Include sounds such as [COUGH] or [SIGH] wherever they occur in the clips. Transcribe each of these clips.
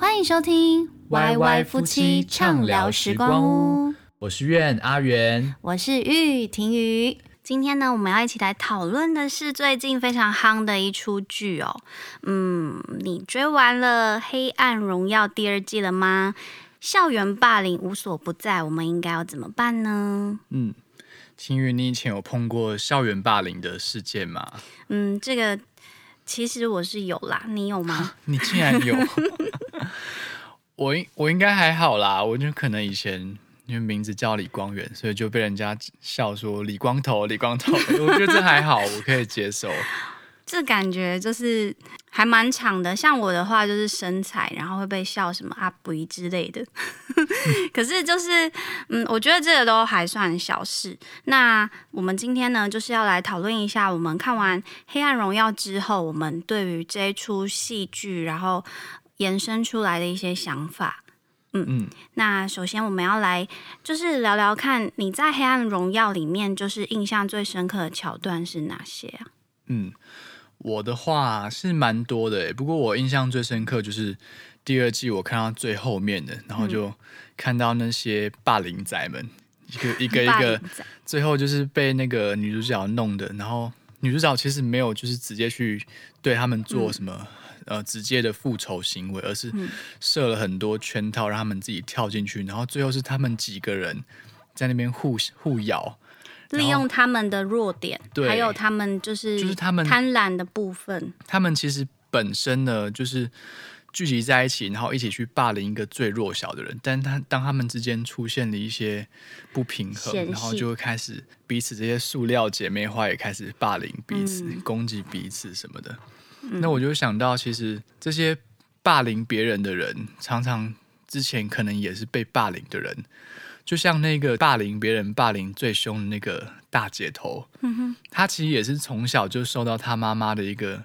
歡迎收聽《Y Y 夫妻暢聊時光屋》。我是苑阿原，我是妤，亭妤。今天呢，我們要一起來討論的是最近非常夯的一出劇哦。嗯，你追完了《黑暗榮耀》第二季了嗎？校園霸凌無所不在，我們應該要怎麼辦呢？嗯，亭妤，你以前有碰過校園霸凌的事件嗎？嗯，這個其實我是有啦，你有嗎？你竟然有！ [LAUGHS] 我，我應我應該還好啦，我就可能以前因為名字叫李光遠，所以就被人家笑說李光頭、李光頭。我覺得這還好， [LAUGHS] 我可以接受。這感覺就是還蠻長的，像我的話就是身材，然後會被笑什麼阿肥之類的。 [LAUGHS] [LAUGHS] 可是就是嗯，我覺得這個都還算小事。那我們今天呢，就是要來討論一下，我們看完《黑暗榮耀》之後，我們對於這一出戲劇，然後延伸出來的一些想法，嗯嗯，那首先我們要來就是聊聊看你在《黑暗榮耀》裡面就是印象最深刻的橋段是哪些啊？嗯，我的話是蠻多的，不過我印象最深刻就是第二季我看到最後面的，然後就看到那些霸凌仔們、嗯、一個一個一個，最後就是被那個女主角弄的，然後女主角其實沒有就是直接去對他們做什麼。嗯呃，直接的復仇行為，而是設了很多圈套讓他們自己跳進去，嗯、然後最後是他們幾個人在那邊互互咬，利用然後、他們的弱點，對，還有他們就是就是他們貪婪的部分他。他們其實本身呢，就是聚集在一起，然後一起去霸凌一個最弱小的人。但他當他們之間出現了一些不平衡，嫌隙、然後就會開始彼此這些塑料姐妹花也開始霸凌彼此、嗯、攻擊彼此什麼的。那我就想到，其實這些霸凌別人的人，常常之前可能也是被霸凌的人，就像那個霸凌別人、霸凌最兇的那個大姐頭，她、嗯、哼其實也是從小就受到她媽媽的一個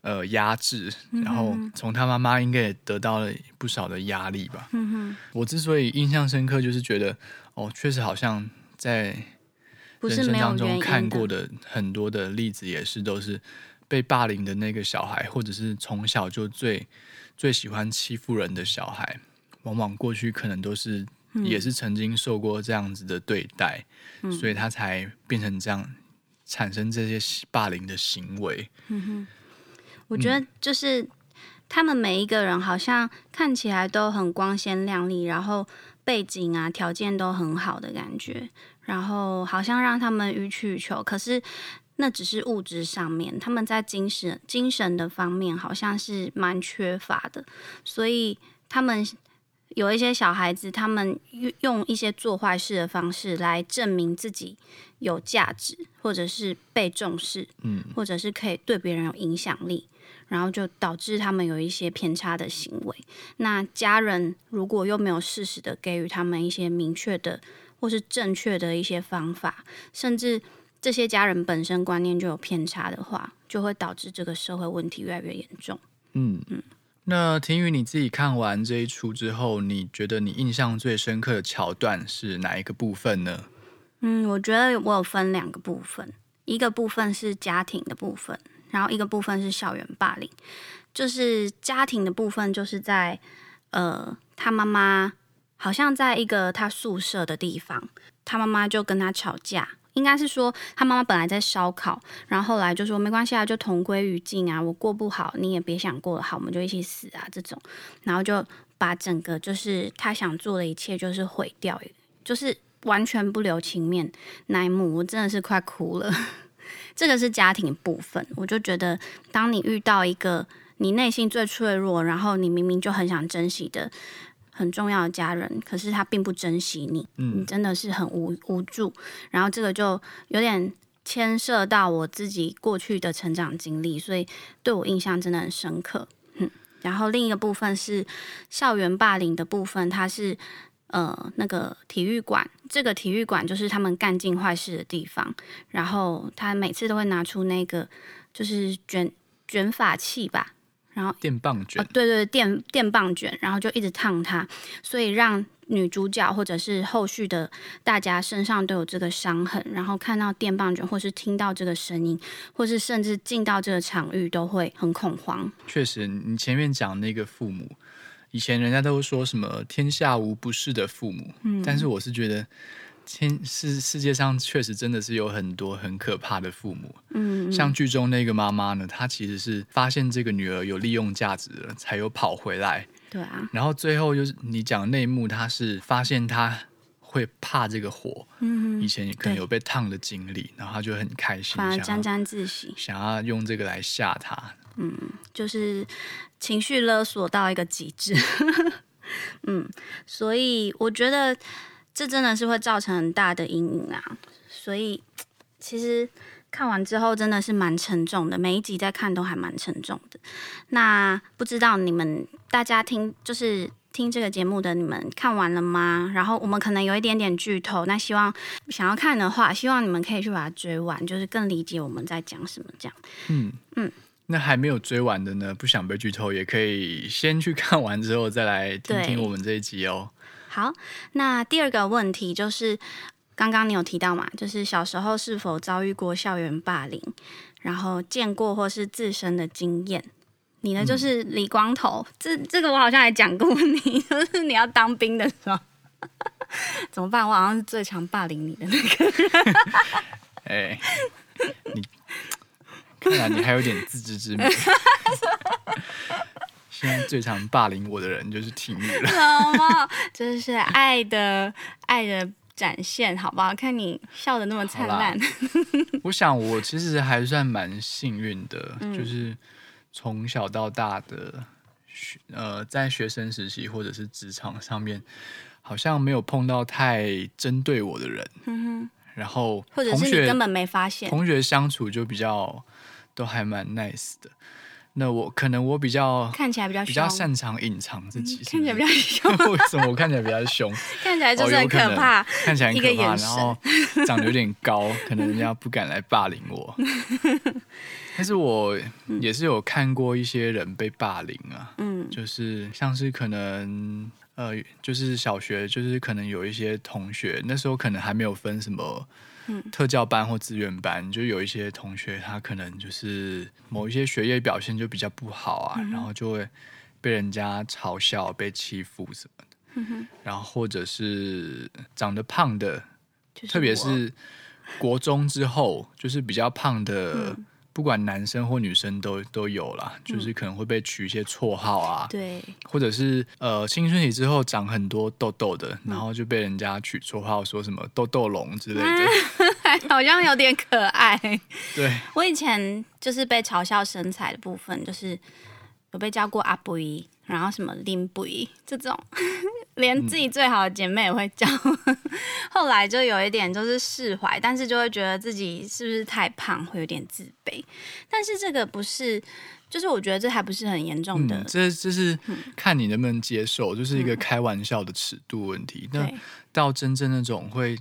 呃壓制，嗯、哼然後從她媽媽應該也得到了不少的壓力吧。嗯、哼我之所以印象深刻，就是覺得哦，確實好像在人生當中看過的很多的例子，也是都是。被霸凌的那個小孩，或者是從小就最最喜歡欺負人的小孩，往往過去可能都是、嗯、也是曾經受過這樣子的對待，嗯、所以他才變成這樣，產生這些霸凌的行為。嗯哼、我覺得就是、嗯、他們每一個人好像看起來都很光鮮亮麗，然後背景啊條件都很好的感覺，然後好像讓他們予取予求，可是。那只是物質上面，他們在精神精神的方面好像是蠻缺乏的，所以他們有一些小孩子，他們用一些做壞事的方式來證明自己有價值，或者是被重視，嗯，或者是可以對別人有影響力，然後就導致他們有一些偏差的行為。那家人如果又沒有適時的給予他們一些明確的或是正確的一些方法，甚至。這些家人本身觀念就有偏差的話，就會導致這個社會問題越來越嚴重。嗯嗯，嗯，那亭妤你自己看完這一出之後，你覺得你印象最深刻的橋段是哪一個部分呢？嗯，我覺得我有分兩個部分，一個部分是家庭的部分，然後一個部分是校園霸凌。就是家庭的部分，就是在呃，他媽媽好像在一個他宿舍的地方，他媽媽就跟他吵架。應該是說他媽媽本來在燒烤，然後後來就說沒關係啊，就同歸於盡啊！我過不好，你也別想過得好，我們就一起死啊這種。然後就把整個就是他想做的一切就是毀掉，就是完全不留情面。那一幕我真的是快哭了。 [LAUGHS] 這個是家庭部分，我就覺得當你遇到一個你內心最脆弱，然後你明明就很想珍惜的。很重要的家人，可是他並不珍惜你，嗯、你真的是很無無助。然後這個就有點牽涉到我自己過去的成長經歷，所以對我印象真的很深刻。嗯，然後另一個部分是校園霸凌的部分，他是呃那個體育館，這個體育館就是他們幹盡壞事的地方。然後他每次都會拿出那個就是捲捲髮器吧。然後電棒捲，對、哦、對對，電電棒捲，然後就一直燙它，所以讓女主角或者是後續的大家身上都有這個傷痕，然後看到電棒捲，或是聽到這個聲音，或是甚至進到這個場域都會很恐慌。確實，你前面講那個父母，以前人家都說什麼“天下無不是的父母”，嗯，但是我是覺得。是世界上確實真的是有很多很可怕的父母，嗯，嗯，像劇中那個媽媽呢，她其實是發現這個女兒有利用價值了，才有跑回來。對啊，然後最後就是你講內幕，她是發現她會怕這個火，嗯哼，以前可能有被燙的經歷，對然後她就很開心，反沾沾自喜想，想要用這個來嚇她。嗯，就是情緒勒索到一個極致。 [LAUGHS] 嗯，所以我覺得。這真的是會造成很大的陰影啊，所以其實看完之後真的是蠻沉重的，每一集在看都還蠻沉重的。那不知道你們大家聽就是聽這個節目的你們看完了嗎？然後我們可能有一點點劇透，那希望想要看的話，希望你們可以去把它追完，就是更理解我們在講什麼這樣。嗯嗯，嗯，那還沒有追完的呢，不想被劇透也可以先去看完之後再來聽聽我們這一集哦。好，那第二個問題就是，剛剛你有提到嘛，就是小時候是否遭遇過校園霸凌，然後見過或是自身的經驗。你呢，就是李光頭，嗯、這這個我好像還講過你，就是你要當兵的時候 [LAUGHS] 怎麼辦？我好像是最常霸凌你的那個人。哎， [LAUGHS] 你看來你還有點自知之明。 [LAUGHS] 今天最常霸凌我的人就是亭妤了， [LAUGHS] 好嗎？就是愛的愛的展現，好不好？看你笑得那麼燦爛。我想我其實還算蠻幸運的，嗯、就是從小到大的學呃，在學生時期或者是職場上面，好像沒有碰到太針對我的人。嗯、哼然後同學，或者是你根本沒發現。同學相處就比較都還蠻 nice 的。那我可能我比較看起來比較比較擅長隱藏自己、嗯，看起來比較凶， [LAUGHS] 為什麼我看起來比較凶？看起來就是很可怕，一個眼神，看起來很可怕，然後長得有點高， [LAUGHS] 可能人家不敢來霸凌我。嗯、但是我也是有看過一些人被霸凌啊，嗯、就是像是可能呃，就是小學，就是可能有一些同學那時候可能還沒有分什麼，嗯、特教班或資源班，就有一些同學，他可能就是某一些學業表現就比較不好啊，嗯、哼然後就會被人家嘲笑，被欺負什麼的。嗯、哼然後或者是長得胖的，特別是國中之後，就是比較胖的，嗯。嗯不管男生或女生都都有啦，就是可能會被取一些綽號啊，對、嗯，或者是呃青春期之後長很多痘痘的，嗯、然後就被人家取綽號說什麼“痘痘龍”之類的，嗯、 [LAUGHS] 好像有點可愛。 [LAUGHS] 對，我以前就是被嘲笑身材的部分，就是有被叫過阿布。然後什麼拎不衣這種，連自己最好的姐妹也會叫。嗯、後來就有一點就是釋懷，但是就會覺得自己是不是太胖，會有點自卑。但是這個不是，就是我覺得這還不是很嚴重的。嗯、這這是、嗯、看你能不能接受，就是一個開玩笑的尺度問題。嗯、那對到真正那種會。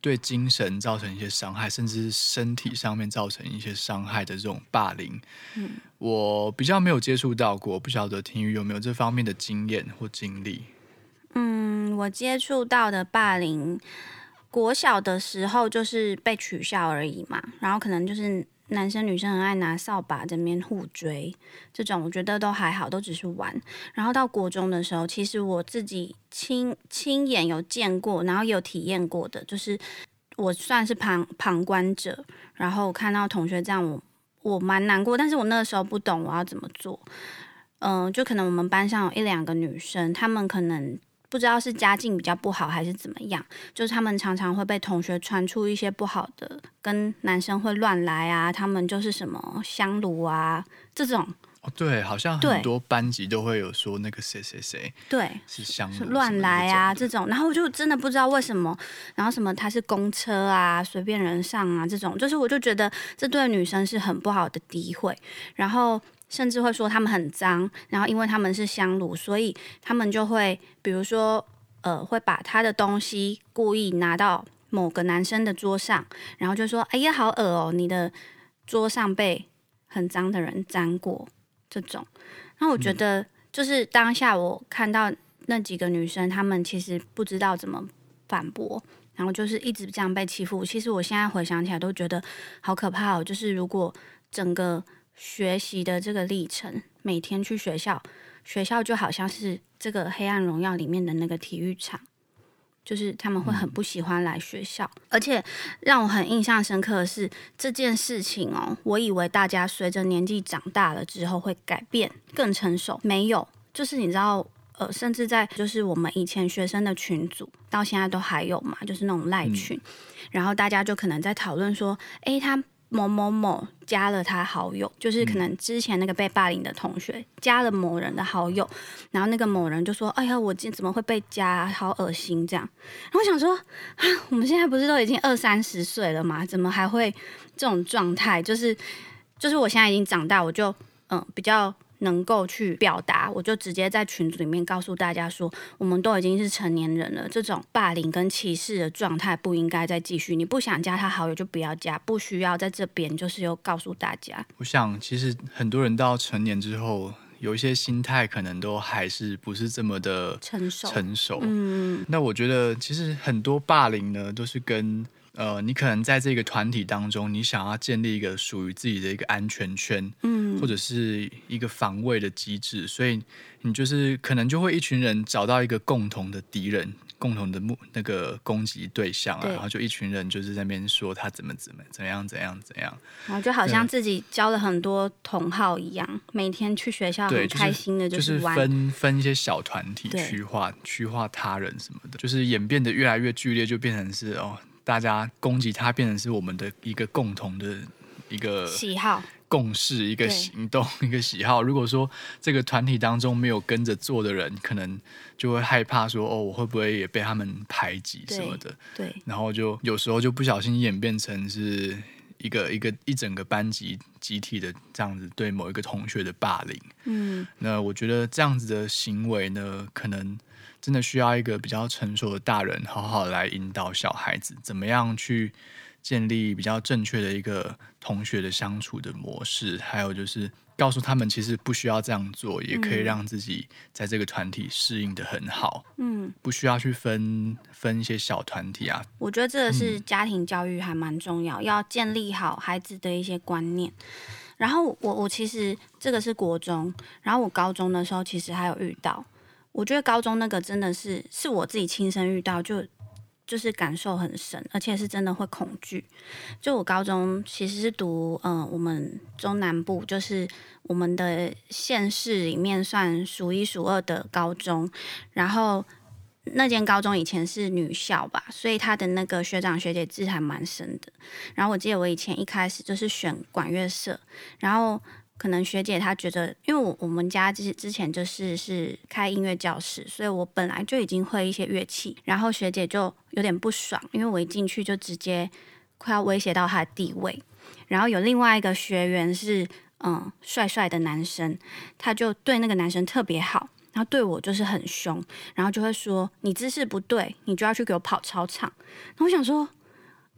對精神造成一些傷害，甚至身體上面造成一些傷害的這種霸凌，嗯，我比較沒有接觸到過，不曉得亭妤有沒有這方面的經驗或經歷。嗯，我接觸到的霸凌，國小的時候就是被取笑而已嘛，然後可能就是。男生女生很愛拿掃把在那邊互追，這種我覺得都還好，都只是玩。然後到國中的時候，其實我自己親親眼有見過，然後也有體驗過的，就是我算是旁旁觀者，然後看到同學這樣我，我我蠻難過，但是我那個時候不懂我要怎麼做。嗯、呃，就可能我們班上有一兩個女生，她們可能。不知道是家境比較不好還是怎麼樣，就是他們常常會被同學傳出一些不好的，跟男生會亂來啊，他們就是什麼香爐啊這種。哦，對，好像很多班級都會有說那個誰誰誰，對，是香爐，對，是亂來啊，什麼那種的，這種。然後我就真的不知道為什麼，然後什麼他是公車啊，隨便人上啊這種，就是我就覺得這對女生是很不好的詆毀，然後。甚至會說他們很髒，然後因為他們是香爐，所以他們就會，比如說，呃，會把他的東西故意拿到某個男生的桌上，然後就說：“哎呀，好惡哦，你的桌上被很髒的人沾過。”這種。那我覺得，就是當下我看到那幾個女生，她們其實不知道怎麼反駁，然後就是一直這樣被欺負。其實我現在回想起來都覺得好可怕哦。就是如果整個。學習的這個歷程，每天去學校，學校就好像是這個《黑暗榮耀》裡面的那個體育場，就是他們會很不喜歡來學校。嗯、而且讓我很印象深刻的是這件事情哦，我以為大家隨着年紀長大了之後會改變，更成熟，沒有，就是你知道，呃，甚至在就是我們以前學生的群組到現在都還有嘛，就是那種賴群，嗯、然後大家就可能在討論說，哎，他。某某某加了他好友，就是可能之前那個被霸凌的同學加了某人的好友，然後那個某人就說：“哎呀，我這怎麼會被加啊？好噁心！”這樣，然後想說啊，我們現在不是都已經二三十歲了嘛，怎麼還會這種狀態？就是就是，我現在已經長大，我就嗯比較。能夠去表達，我就直接在群組裡面告訴大家說，我們都已經是成年人了，這種霸凌跟歧視的狀態不應該再繼續。你不想加他好友就不要加，不需要在這邊就是又告訴大家。我想，其實很多人到成年之後，有一些心態可能都還是不是這麼的成熟。成熟，嗯。那我覺得，其實很多霸凌呢，都是跟。呃，你可能在這個團體當中，你想要建立一個屬於自己的一個安全圈，嗯，或者是一個防衛的機制，所以你就是可能就會一群人找到一個共同的敵人，共同的目那個攻擊對象啊，對然後就一群人就是在那邊說他怎麼怎麼怎樣怎樣怎樣、怎樣怎樣，然後就好像自己交了很多同好一樣，對每天去學校很開心的就，就是，就是分分一些小團體去化去對化他人什麼的，就是演變得越來越劇烈，就變成是哦。大家攻擊他，變成是我們的一個共同的一個喜好，共識，一個行動，對一個喜好。如果說這個團體當中沒有跟着做的人，可能就會害怕說：“哦，我會不會也被他們排擠什麼的？”對。對然後就有時候就不小心演變成是一個一個一整個班級集體的這樣子對某一個同學的霸凌。嗯，那我覺得這樣子的行為呢，可能。真的需要一個比較成熟的大人，好好來引導小孩子，怎麼樣去建立比較正確的一個同學的相處的模式，還有就是告訴他們，其實不需要這樣做，也可以讓自己在這個團體適應得很好。嗯，不需要去分分一些小團體啊。我覺得這個是家庭教育還蠻重要，嗯，要建立好孩子的一些觀念。然後我我其實這個是國中，然後我高中的時候其實還有遇到。我覺得高中那個真的是是我自己親身遇到，就就是感受很深，而且是真的會恐懼。就我高中其實是讀，嗯、呃，我們中南部就是我們的縣市裡面算數一數二的高中，然後那間高中以前是女校吧，所以他的那個學長學姐制還蠻深的。然後我記得我以前一開始就是選管樂社，然後。可能學姐她覺得，因為我我們家之之前就是是開音樂教室，所以我本來就已經會一些樂器，然後學姐就有點不爽，因為我一進去就直接快要威脅到她的地位。然後有另外一個學員是嗯帥帥的男生，他就對那個男生特別好，然後對我就是很兇，然後就會說你姿勢不對，你就要去給我跑操場。我想說。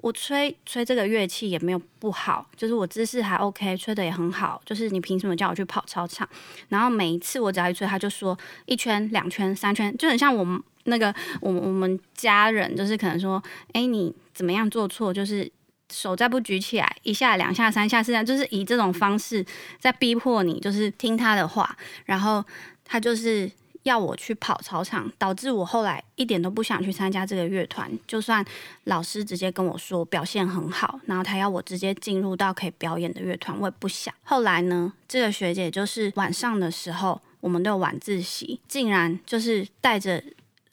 我吹吹這個樂器也沒有不好，就是我姿勢還 OK，吹得也很好。就是你憑什麼叫我去跑操場？然後每一次我只要一吹，他就說一圈、兩圈、三圈，就很像我們那個我我們家人，就是可能說，誒，你怎麼樣做錯？就是手再不舉起來，一下、兩下、三下、四下，就是以這種方式在逼迫你，就是聽他的話，然後他就是。要我去跑操場，導致我後來一點都不想去參加這個樂團。就算老師直接跟我說表現很好，然後他要我直接進入到可以表演的樂團，我也不想。後來呢，這個學姐就是晚上的時候，我們都有晚自習，竟然就是帶着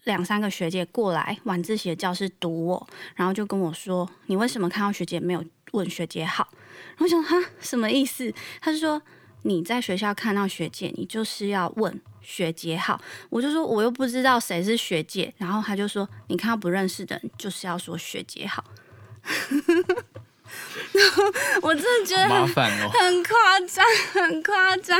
兩三個學姐過來晚自習的教室堵我，然後就跟我說：“你為什麼看到學姐沒有問學姐好？”然後我想她什麼意思？他就說你在學校看到學姐，你就是要問。學姐好，我就說我又不知道誰是學姐，然後他就說，你看不認識的人就是要說學姐好， [LAUGHS] 我真的覺得很，好麻煩哦，很誇張，很誇張，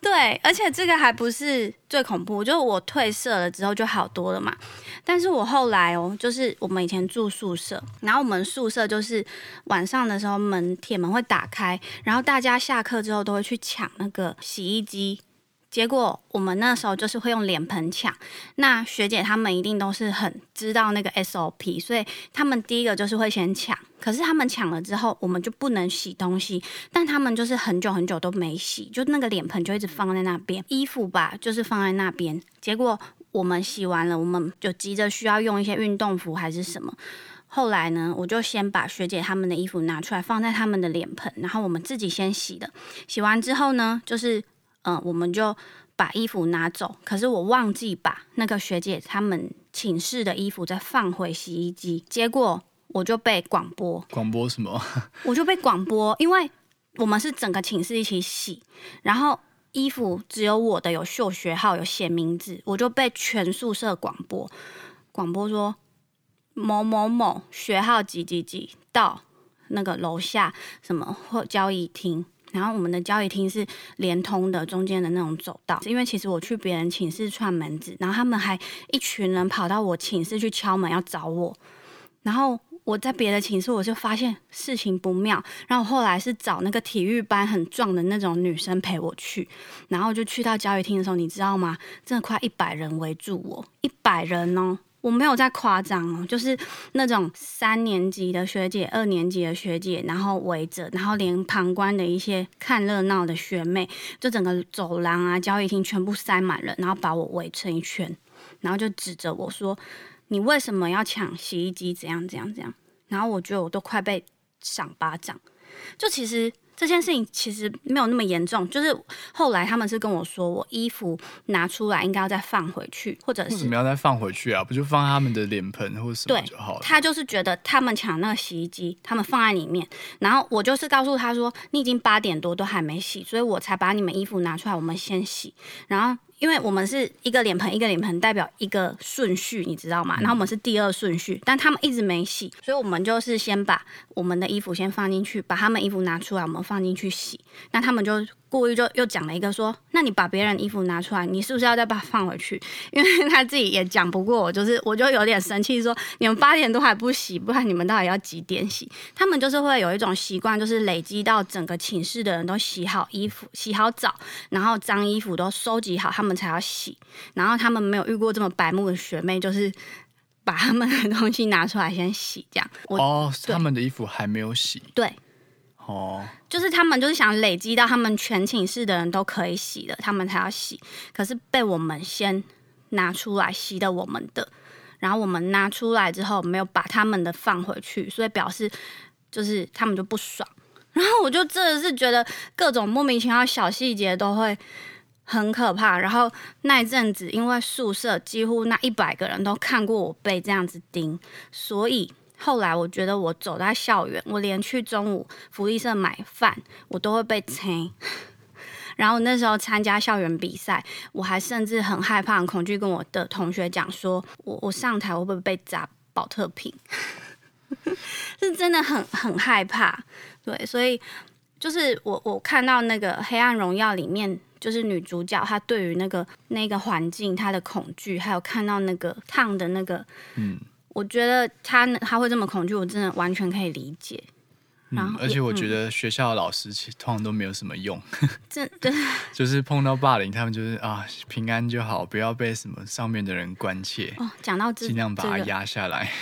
對，而且這個還不是最恐怖，就我退社了之後就好多了嘛。但是我後來哦，就是我們以前住宿舍，然後我們宿舍就是晚上的時候門，鐵門會打開，然後大家下課之後都會去搶那個洗衣機。結果我們那時候就是會用臉盆搶，那學姐她們一定都是很知道那個 SOP，所以她們第一個就是會先搶。可是她們搶了之後，我們就不能洗東西，但她們就是很久很久都沒洗，就那個臉盆就一直放在那邊，衣服吧就是放在那邊。結果我們洗完了，我們就急着需要用一些運動服還是什麼。後來呢，我就先把學姐她們的衣服拿出來放在她們的臉盆，然後我們自己先洗的。洗完之後呢，就是。嗯，我們就把衣服拿走，可是我忘記把那個學姐她們寢室的衣服再放回洗衣機，結果我就被廣播，廣播什麼？ [LAUGHS] 我就被廣播，因為我們是整個寢室一起洗，然後衣服只有我的有繡學號，有寫名字，我就被全宿舍廣播，廣播說某某某學號幾幾幾到那個樓下什麼或交誼廳。然後我們的交誼廳是連通的，中間的那種走道。因為其實我去別人寢室串門子，然後他們還一群人跑到我寢室去敲門要找我。然後我在別的寢室，我就發現事情不妙。然後後來是找那個體育班很壯的那種女生陪我去。然後就去到交誼廳的時候，你知道嗎？真的快一百人圍住我，一百人哦。我沒有在誇張哦，就是那種三年級的學姐、二年級的學姐，然後圍着，然後連旁觀的一些看熱鬧的學妹，就整個走廊啊、交誼廳全部塞滿了，然後把我圍成一圈，然後就指着我說：“你為什麼要搶洗衣機？怎樣怎樣怎樣？”然後我覺得我都快被賞巴掌，就其實。這件事情其實沒有那麼嚴重，就是後來他們是跟我說，我衣服拿出來應該要再放回去，或者是為什麼要再放回去啊？不就放他們的臉盆或者什麼對就好了。他就是覺得他們搶那個洗衣機，他們放在裡面，然後我就是告訴他說，你已經八點多都還沒洗，所以我才把你們衣服拿出來，我們先洗，然後。因為我們是一個臉盆一個臉盆代表一個順序，你知道嗎？嗯。然後我們是第二順序，但他們一直沒洗，所以我們就是先把我們的衣服先放進去，把他們衣服拿出來，我們放進去洗，那他們就。故意就又講了一個，說：“那你把別人衣服拿出來，你是不是要再把它放回去？”，因為他自己也講不過我，就是我就有點生氣，說：“你們八點都還不洗，不然你們到底要幾點洗？”，他們就是會有一種習慣，就是累積到整個寢室的人都洗好衣服、洗好澡，然後髒衣服都收集好，他們才要洗。然後他們沒有遇過這麼白目的學妹，就是把他們的東西拿出來先洗，這樣。哦，對，他們的衣服還沒有洗。對。哦，就是他們就是想累積到他們全寢室的人都可以洗的，他們才要洗。可是被我們先拿出來洗的我們的，然後我們拿出來之後沒有把他們的放回去，所以表示就是他們就不爽。然後我就真的是覺得各種莫名其妙小細節都會很可怕。然後那一陣子，因為宿舍幾乎那一百個人都看過我被這樣子盯，所以。後來我覺得我走在校園，我連去中午福利社買飯，我都會被催。然後那時候參加校園比賽，我還甚至很害怕、很恐懼，跟我的同學講說：“我我上台會不會被砸保特瓶？” [LAUGHS] 是真的很很害怕。對，所以就是我我看到那個《黑暗榮耀》裡面，就是女主角她對於那個那個環境她的恐懼，還有看到那個燙的那個、嗯我覺得他他會這麼恐懼，我真的完全可以理解。然後，嗯、而且我覺得學校的老師其實、嗯、通常都沒有什麼用。 [LAUGHS] 這，就是、就是碰到霸凌，他們就是啊，平安就好，不要被什麼上面的人關切。哦，講到這，盡量把它壓下來。這個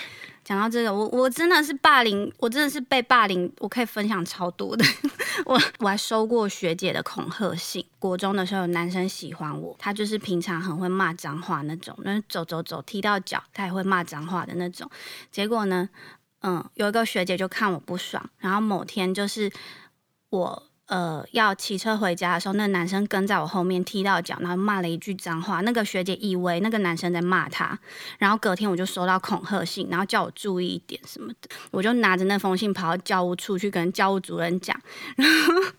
講到這個，我我真的是霸凌，我真的是被霸凌，我可以分享超多的。 [LAUGHS] 我我還收過學姐的恐嚇信。國中的時候，有男生喜歡我，他就是平常很會罵髒話那種，那走走走，踢到腳，他也會罵髒話的那種。結果呢，嗯，有一個學姐就看我不爽，然後某天就是我。呃，要騎車回家的時候，那男生跟在我後面踢到腳，然後罵了一句髒話。那個學姐以為那個男生在罵她，然後隔天我就收到恐嚇信，然後叫我注意一點什麼的。我就拿着那封信跑到教務處去跟教務主任講，然後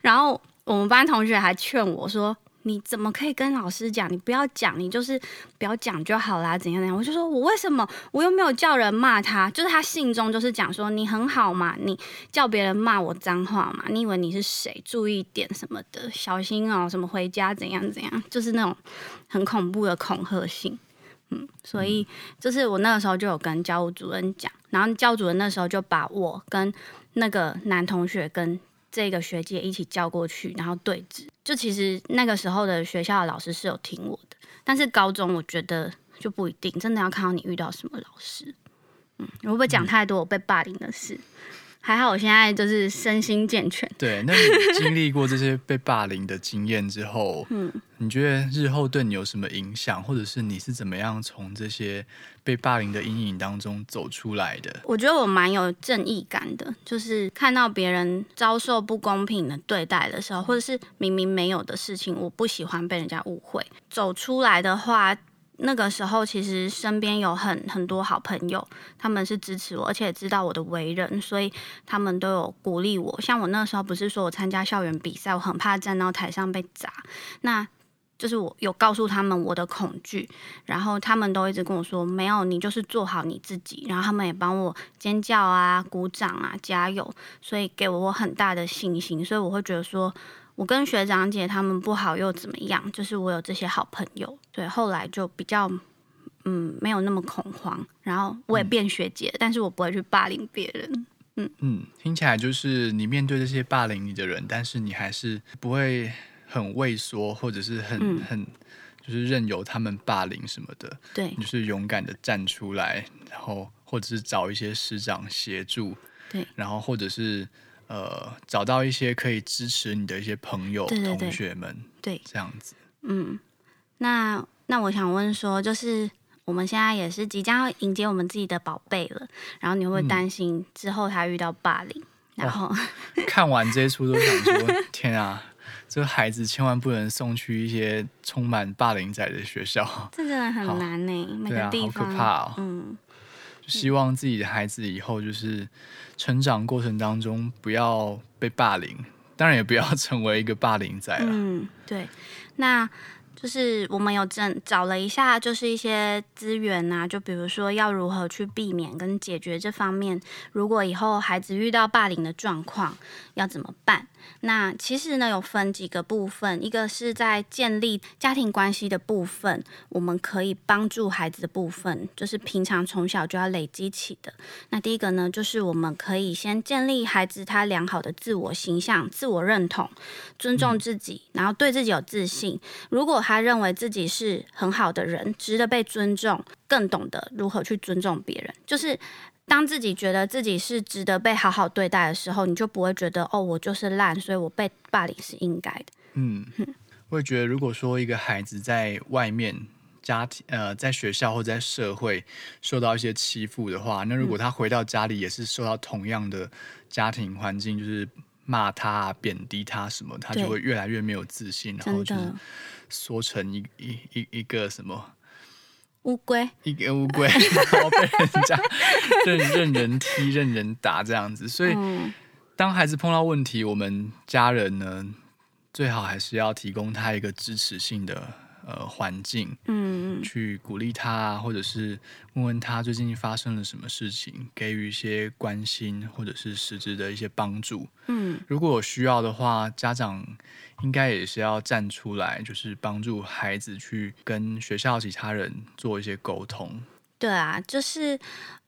[LAUGHS] 然後我們班同學還勸我說。你怎麼可以跟老師講？你不要講，你就是不要講就好啦，怎樣怎樣？我就說我為什麼我又沒有叫人罵他？就是他信中就是講說你很好嘛，你叫別人罵我髒話嘛？你以為你是誰？注意點什麼的，小心哦，喔，什麼回家怎樣怎樣，就是那種很恐怖的恐嚇信。嗯，所以，嗯、就是我那個時候就有跟教務主任講，然後教主任那時候就把我跟那個男同學跟這個學姐一起叫過去，然後對峙。就其實那個時候的學校的老師是有聽我的，但是高中我覺得就不一定，真的要看到你遇到什麼老師。嗯，我不會講太多我被霸凌的事。還好，我現在就是身心健全。對，那你經歷過這些被霸凌的經驗之後，嗯， [LAUGHS] 你覺得日後對你有什麼影響？或者是你是怎麼樣從這些被霸凌的陰影當中走出來的？我覺得我蠻有正義感的，就是看到別人遭受不公平的對待的時候，或者是明明沒有的事情，我不喜歡被人家誤會。走出來的話。那個時候其實身邊有很很多好朋友，他們是支持我，而且知道我的為人，所以他們都有鼓勵我。像我那時候不是說我參加校園比賽，我很怕站到台上被砸，那就是我有告訴他們我的恐懼，然後他們都一直跟我說沒有，你就是做好你自己。然後他們也幫我尖叫啊、鼓掌啊、加油，所以給我很大的信心，所以我會覺得說。我跟學長姐他們不好又怎麼樣？就是我有這些好朋友，對，後來就比較，嗯，沒有那麼恐慌。然後我也變學姐，嗯、但是我不會去霸凌別人。嗯嗯，聽起來就是你面對這些霸凌你的人，但是你還是不會很畏縮，或者是很、嗯、很，就是任由他們霸凌什麼的。對，你就是勇敢的站出來，然後或者是找一些師長協助。對，然後或者是。呃，找到一些可以支持你的一些朋友，對對對同學們，對，對這樣子。嗯，那那我想問說，就是我們現在也是即將要迎接我們自己的寶貝了，然後你會不會擔心之後他遇到霸凌？嗯、然後、哦、 [LAUGHS] 看完這一齣都想說，天啊， [LAUGHS] 這個孩子千萬不能送去一些充滿霸凌仔的學校，這真的很難呢、欸。好那個地方，對啊、好可怕哦、嗯。希望自己的孩子以後就是成長過程當中不要被霸凌，當然也不要成為一個霸凌仔了。嗯，對，那。就是我們有整找了一下，就是一些資源吶、啊，就比如說要如何去避免跟解決這方面，如果以後孩子遇到霸凌的狀況要怎麼辦？那其實呢，有分幾個部分，一個是在建立家庭關係的部分，我們可以幫助孩子的部分，就是平常從小就要累積起的。那第一個呢，就是我們可以先建立孩子他良好的自我形象、自我認同、尊重自己，然後對自己有自信。如果他認為自己是很好的人，值得被尊重，更懂得如何去尊重別人。就是當自己覺得自己是值得被好好對待的時候，你就不會覺得哦，我就是爛，所以我被霸凌是應該的。嗯，我也覺得，如果說一個孩子在外面家庭呃，在學校或在社會受到一些欺負的話，那如果他回到家裡也是受到同樣的家庭環境，就是。罵他，貶低他什麼，他就會越來越沒有自信，對然後就縮成一一一一,一個什麼烏龜，一個烏龜，啊、然後被人家 [LAUGHS] 任任人踢、任人打這樣子。所以，嗯、當孩子碰到問題，我們家人呢，最好還是要提供他一個支持性的。呃，環境，嗯，去鼓勵他，或者是問問他最近發生了什麼事情，給予一些關心，或者是實質的一些幫助，嗯，如果有需要的話，家長應該也是要站出來，就是幫助孩子去跟學校其他人做一些溝通。對啊，就是，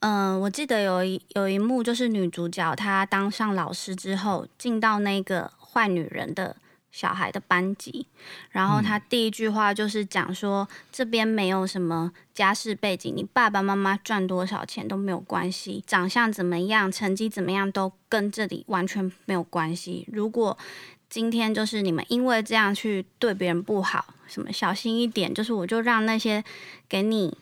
嗯、呃，我記得有一有一幕，就是女主角她當上老師之後，進到那個壞女人的。小孩的班級，然後他第一句話就是講說，嗯、這邊沒有什麼家世背景，你爸爸媽媽賺多少錢都沒有關係，長相怎麼樣，成績怎麼樣都跟這裡完全沒有關係。如果今天就是你們因為這樣去對別人不好，什麼小心一點，就是我就讓那些給你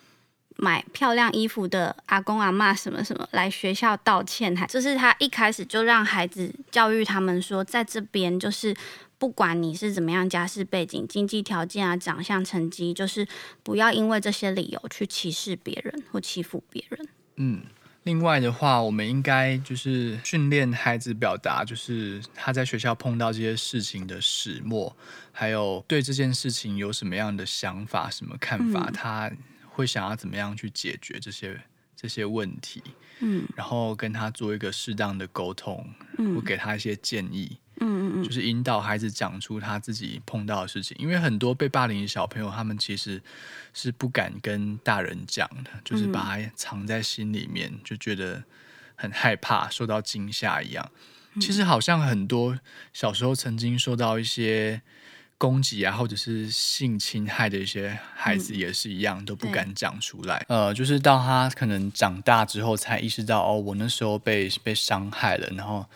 買漂亮衣服的阿公阿嬤什麼什麼來學校道歉，還就是他一開始就讓孩子教育他們說，在這邊就是。不管你是怎麼樣家世背景、經濟條件啊、長相、成績，就是不要因為這些理由去歧視別人或欺負別人。嗯，另外的話，我們應該就是訓練孩子表達，就是他在學校碰到這些事情的始末，還有對這件事情有什麼樣的想法、什麼看法，嗯，他會想要怎麼樣去解決這些這些問題。嗯，然後跟他做一個適當的溝通，嗯，或給他一些建議。嗯嗯嗯，就是引導孩子講出他自己碰到的事情，因為很多被霸凌的小朋友，他們其實是不敢跟大人講的，就是把他藏在心裡面，就覺得很害怕，受到驚嚇一樣。其實好像很多小時候曾經受到一些攻擊啊，或者是性侵害的一些孩子也是一樣，嗯、都不敢講出來。對呃，就是到他可能長大之後才意識到，哦，我那時候被被傷害了，然後。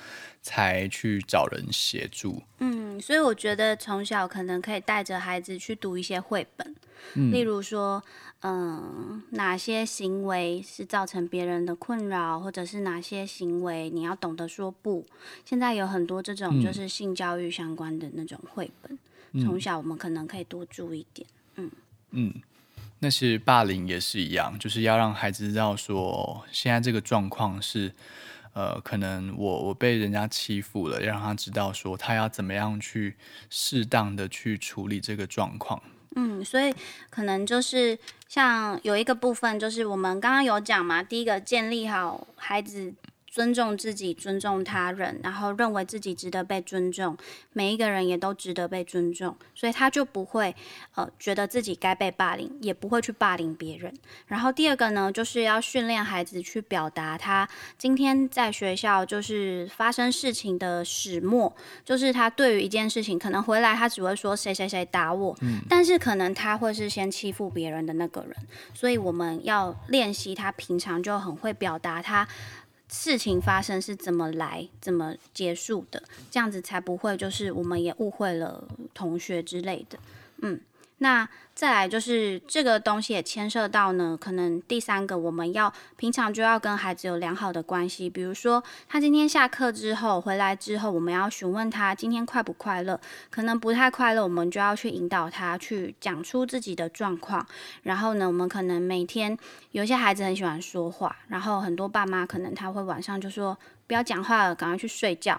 才去找人協助。嗯，所以我覺得從小可能可以帶着孩子去讀一些繪本，嗯、例如說，嗯，哪些行為是造成別人的困擾，或者是哪些行為你要懂得說不。現在有很多這種就是性教育相關的那種繪本，嗯、從小我們可能可以多注意一點。嗯嗯，那是霸凌也是一樣，就是要讓孩子知道說，現在這個狀況是。呃，可能我我被人家欺負了，讓他知道說他要怎麼樣去適當的去處理這個狀況。嗯，所以可能就是像有一個部分，就是我們剛剛有講嘛，第一個建立好孩子，尊重自己，尊重他人，然後認為自己值得被尊重，每一個人也都值得被尊重，所以他就不會呃覺得自己該被霸凌，也不會去霸凌別人。然後第二個呢，就是要訓練孩子去表達他今天在學校就是發生事情的始末，就是他對於一件事情，可能回來他只會說誰誰誰打我，嗯，但是可能他會是先欺負別人的那個人，所以我們要練習他平常就很會表達他，事情發生是怎麼來、怎麼結束的，這樣子才不會就是我們也誤會了同學之類的，嗯。那再來就是這個東西也牽涉到呢，可能第三個我們要平常就要跟孩子有良好的關係，比如說他今天下課之後回來之後，我們要詢問他今天快不快樂，可能不太快樂，我們就要去引導他去講出自己的狀況。然後呢，我們可能每天有些孩子很喜歡說話，然後很多爸媽可能他會晚上就說不要講話了，趕快去睡覺，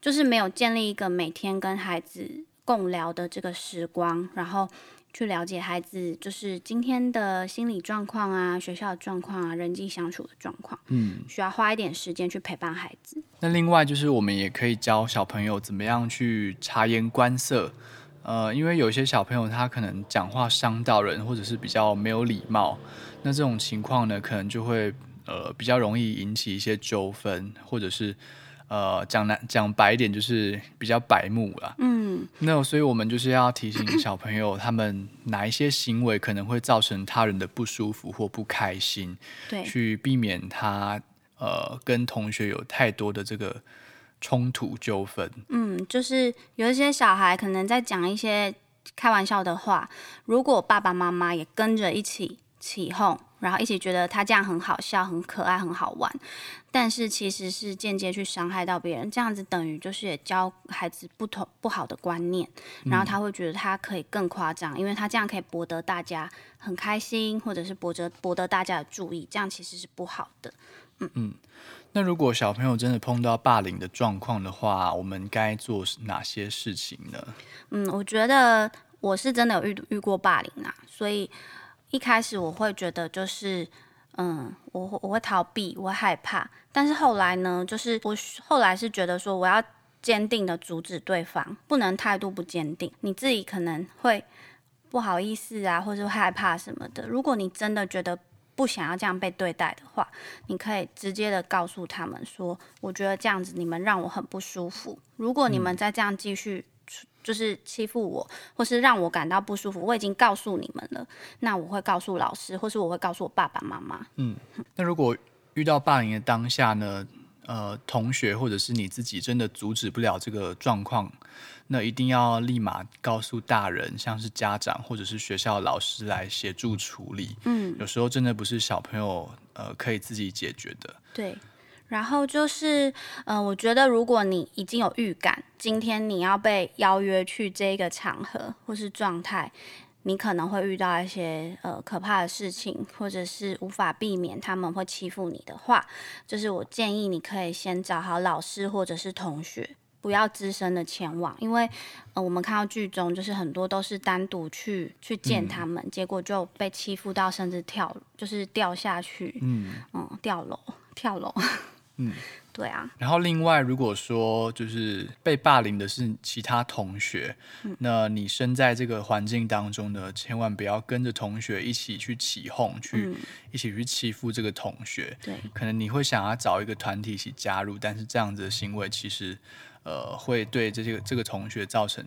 就是沒有建立一個每天跟孩子。共聊的這個時光，然後去了解孩子就是今天的心理狀況啊、學校的狀況啊、人際相處的狀況。嗯，需要花一點時間去陪伴孩子。那另外就是我們也可以教小朋友怎麼樣去察言觀色。呃，因為有些小朋友他可能講話傷到人，或者是比較沒有禮貌，那這種情況呢，可能就會呃比較容易引起一些糾紛，或者是。呃，講難講白一點，就是比較白目啦。嗯，那所以我們就是要提醒小朋友，他們哪一些行為可能會造成他人的不舒服或不開心，對，去避免他呃跟同學有太多的這個衝突糾紛。嗯，就是有一些小孩可能在講一些開玩笑的話，如果爸爸媽媽也跟着一起起哄，然後一起覺得他這樣很好笑、很可愛、很好玩。但是其實是間接去傷害到別人，這樣子等於就是也教孩子不同不好的觀念，嗯、然後他會覺得他可以更誇張，因為他這樣可以博得大家很開心，或者是博得博得大家的注意，這樣其實是不好的。嗯嗯，那如果小朋友真的碰到霸凌的狀況的話，我們該做哪些事情呢？嗯，我覺得我是真的有遇遇過霸凌啊，所以一開始我會覺得就是嗯，我會我會逃避，我會害怕。但是後來呢，就是我後來是覺得說，我要堅定的阻止對方，不能態度不堅定，你自己可能會不好意思啊，或是害怕什麼的。如果你真的覺得不想要這樣被對待的話，你可以直接的告訴他們說，我覺得這樣子你們讓我很不舒服。如果你們再這樣繼續，就是欺負我，或是讓我感到不舒服，我已經告訴你們了，那我會告訴老師，或是我會告訴我爸爸媽媽。嗯，那如果。遇到霸凌的當下呢，呃，同學或者是你自己真的阻止不了這個狀況，那一定要立馬告訴大人，像是家長或者是學校老師來協助處理。嗯，有時候真的不是小朋友，呃，可以自己解決的。對，然後就是，嗯、呃，我覺得如果你已經有預感，今天你要被邀約去這個場合或是狀態。你可能會遇到一些呃可怕的事情，或者是無法避免他們會欺負你的話，就是我建議你可以先找好老師或者是同學，不要只身的前往，因為呃我們看到劇中就是很多都是單獨去去見他們，嗯、結果就被欺負到甚至跳就是掉下去，嗯嗯，掉樓跳樓，嗯。對啊，然後另外，如果說就是被霸凌的是其他同學，嗯、那你身在這個環境當中呢，千萬不要跟着同學一起去起哄，去一起去欺負這個同學。對、嗯，可能你會想要找一個團體一起加入，但是這樣子的行為其實，呃，會對這些、個、這個同學造成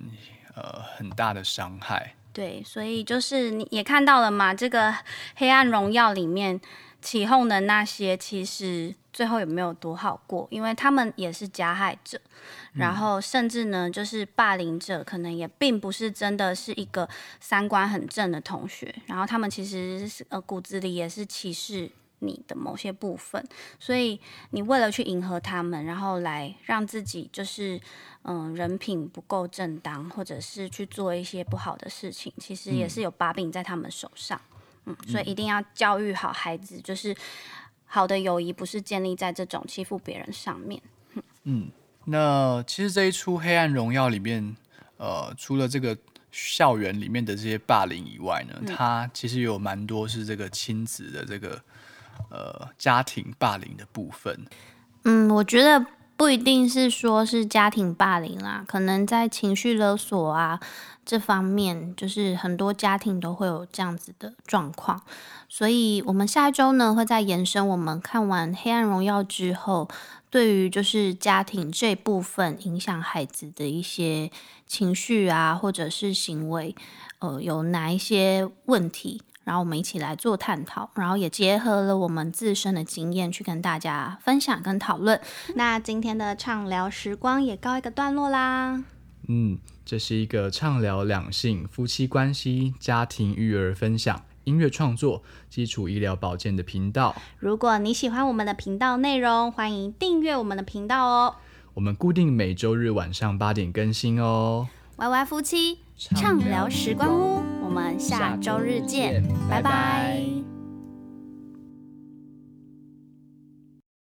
呃很大的傷害。對，所以就是你也看到了嘛，這個黑暗榮耀裡面。起鬨的那些其實最後也沒有多好過，因為他們也是加害者，嗯、然後甚至呢就是霸凌者，可能也並不是真的是一個三觀很正的同學，然後他們其實是呃骨子裡也是歧視你的某些部分，所以你為了去迎合他們，然後來讓自己就是嗯、呃、人品不夠正當，或者是去做一些不好的事情，其實也是有把柄在他們手上。嗯。嗯，所以一定要教育好孩子，嗯、就是好的友誼不是建立在這種欺負別人上面。嗯，那其實這一出《黑暗榮耀》裡面，呃，除了這個校園裡面的這些霸凌以外呢，嗯、它其實也有蠻多是這個親子的這個呃家庭霸凌的部分。嗯，我覺得。不一定是說是家庭霸凌啦，啊，可能在情緒勒索啊這方面，就是很多家庭都會有這樣子的狀況。所以我們下一周呢，會再延伸我們看完《黑暗榮耀》之後，對於就是家庭這部分影響孩子的一些情緒啊，或者是行為，呃，有哪一些問題？然後我們一起來做探討，然後也結合了我們自身的經驗去跟大家分享跟討論。那今天的暢聊時光也告一個段落啦。嗯，這是一個暢聊兩性、夫妻關係、家庭育兒分享、音樂創作、基礎醫療保健的頻道。如果你喜歡我們的頻道內容，歡迎訂閱我們的頻道哦。我們固定每周日晚上八點更新哦。Y Y 夫妻暢聊時光屋，我們下周日見，日見，拜拜。拜拜。